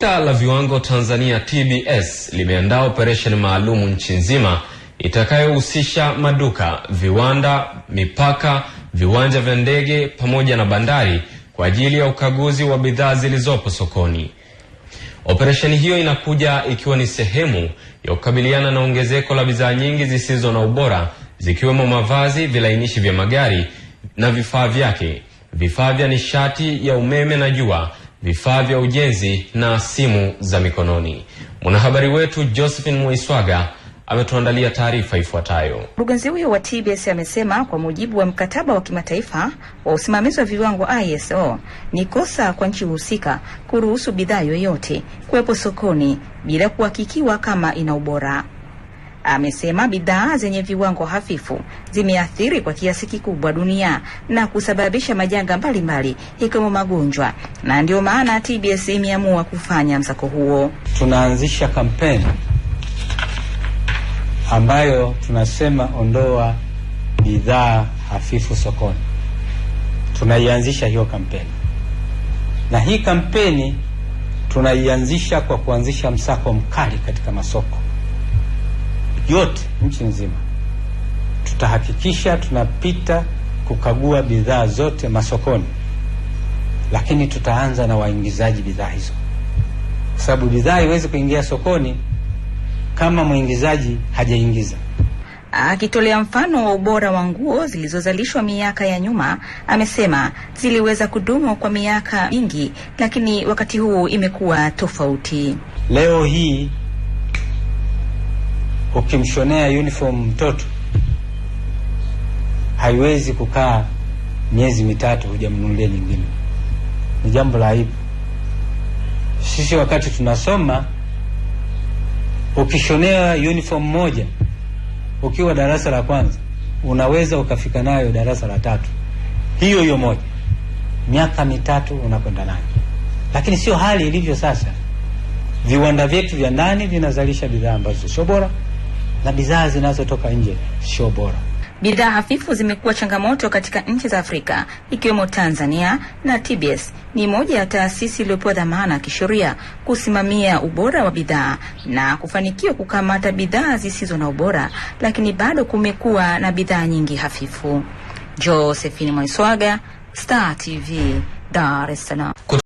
Shirika la viwango Tanzania TBS limeandaa operesheni maalumu nchi nzima itakayohusisha maduka, viwanda, mipaka, viwanja vya ndege pamoja na bandari kwa ajili ya ukaguzi wa bidhaa zilizopo sokoni. Operesheni hiyo inakuja ikiwa ni sehemu ya kukabiliana na ongezeko la bidhaa nyingi zisizo na ubora zikiwemo mavazi, vilainishi vya magari na vifaa vyake, vifaa vya nishati ya umeme na jua vifaa vya ujenzi na simu za mikononi. Mwanahabari wetu Josephine mwaiswaga ametuandalia taarifa ifuatayo. Mkurugenzi huyo wa TBS amesema kwa mujibu wa mkataba wa kimataifa wa usimamizi wa viwango ISO, ni kosa kwa nchi husika kuruhusu bidhaa yoyote kuwepo sokoni bila kuhakikiwa kama ina ubora. Amesema bidhaa zenye viwango hafifu zimeathiri kwa kiasi kikubwa dunia na kusababisha majanga mbalimbali ikiwemo magonjwa, na ndio maana TBS imeamua kufanya msako huo. Tunaanzisha kampeni ambayo tunasema ondoa bidhaa hafifu sokoni. Tunaianzisha hiyo kampeni, na hii kampeni tunaianzisha kwa kuanzisha msako mkali katika masoko yote nchi nzima, tutahakikisha tunapita kukagua bidhaa zote masokoni, lakini tutaanza na waingizaji bidhaa hizo, kwa sababu bidhaa haiwezi kuingia sokoni kama mwingizaji hajaingiza. Akitolea mfano wa ubora wa nguo zilizozalishwa miaka ya nyuma, amesema ziliweza kudumu kwa miaka mingi, lakini wakati huu imekuwa tofauti. Leo hii ukimshonea uniform mtoto haiwezi kukaa miezi mitatu hujamnunulia nyingine. Ni jambo la aibu. Sisi wakati tunasoma, ukishonea uniform moja ukiwa darasa la kwanza, unaweza ukafika nayo darasa la tatu, hiyo hiyo moja, miaka mitatu unakwenda nayo. Lakini sio hali ilivyo sasa. Viwanda vyetu vya ndani vinazalisha bidhaa ambazo sio bora na bidhaa zinazotoka nje sio bora. Bidhaa hafifu zimekuwa changamoto katika nchi za Afrika ikiwemo Tanzania, na TBS ni moja ya taasisi iliyopewa dhamana ya kisheria kusimamia ubora wa bidhaa na kufanikiwa kukamata bidhaa zisizo na ubora, lakini bado kumekuwa na bidhaa nyingi hafifu. Josephine Mwaiswaga, Star TV, Dar es Salaam.